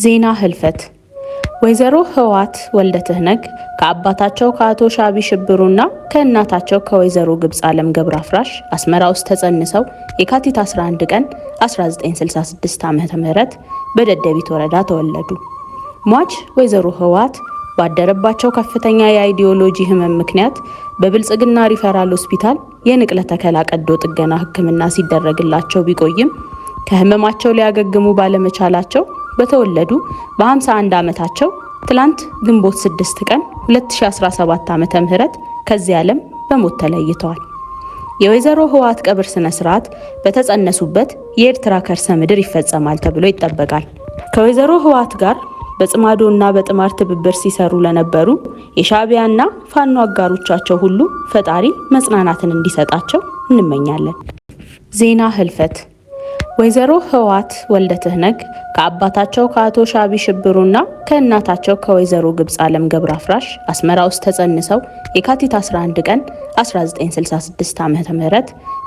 ዜና ህልፈት ወይዘሮ ህወሓት ወልደ ትህነግ ከአባታቸው ከአቶ ሻቢ ሽብሩና ከእናታቸው ከወይዘሮ ግብፅ አለም ገብረ አፍራሽ አስመራ ውስጥ ተጸንሰው የካቲት 11 ቀን 1966 ዓ ም በደደቢት ወረዳ ተወለዱ። ሟች ወይዘሮ ህወሓት ባደረባቸው ከፍተኛ የአይዲዮሎጂ ህመም ምክንያት በብልጽግና ሪፈራል ሆስፒታል የንቅለ ተከላ ቀዶ ጥገና ህክምና ሲደረግላቸው ቢቆይም ከህመማቸው ሊያገግሙ ባለመቻላቸው በተወለዱ በ51 ዓመታቸው ትላንት ግንቦት 6 ቀን 2017 ዓ ም ከዚህ ዓለም በሞት ተለይተዋል። የወይዘሮ ህወሓት ቀብር ስነ ስርዓት በተጸነሱበት የኤርትራ ከርሰ ምድር ይፈጸማል ተብሎ ይጠበቃል። ከወይዘሮ ህወሓት ጋር በጽማዶና በጥማር ትብብር ሲሰሩ ለነበሩ የሻዕቢያና ፋኖ አጋሮቻቸው ሁሉ ፈጣሪ መጽናናትን እንዲሰጣቸው እንመኛለን። ዜና ህልፈት ወይዘሮ ህዋት ወልደትህነግ ከአባታቸው ከአቶ ሻቢ ሽብሩና ከእናታቸው ከወይዘሮ ግብፅ አለም ገብረ አፍራሽ አስመራ ውስጥ ተጸንሰው የካቲት 11 ቀን 1966 ዓ ም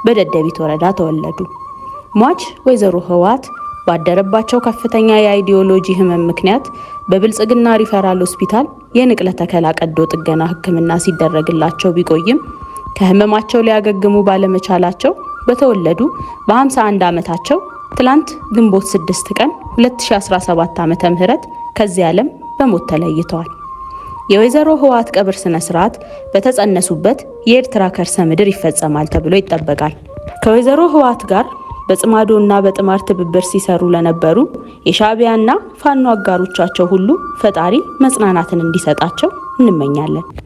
በደደቢት ወረዳ ተወለዱ። ሟች ወይዘሮ ህዋት ባደረባቸው ከፍተኛ የአይዲዮሎጂ ህመም ምክንያት በብልጽግና ሪፈራል ሆስፒታል የንቅለ ተከላ ቀዶ ጥገና ህክምና ሲደረግላቸው ቢቆይም ከህመማቸው ሊያገግሙ ባለመቻላቸው በተወለዱ በ51 ዓመታቸው ትላንት ግንቦት 6 ቀን 2017 ዓ ም ከዚህ ዓለም በሞት ተለይተዋል። የወይዘሮ ህወሓት ቀብር ስነ ስርዓት በተጸነሱበት የኤርትራ ከርሰ ምድር ይፈጸማል ተብሎ ይጠበቃል። ከወይዘሮ ህወሓት ጋር በጽማዶና በጥማር ትብብር ሲሰሩ ለነበሩ የሻዕቢያና ፋኖ አጋሮቻቸው ሁሉ ፈጣሪ መጽናናትን እንዲሰጣቸው እንመኛለን።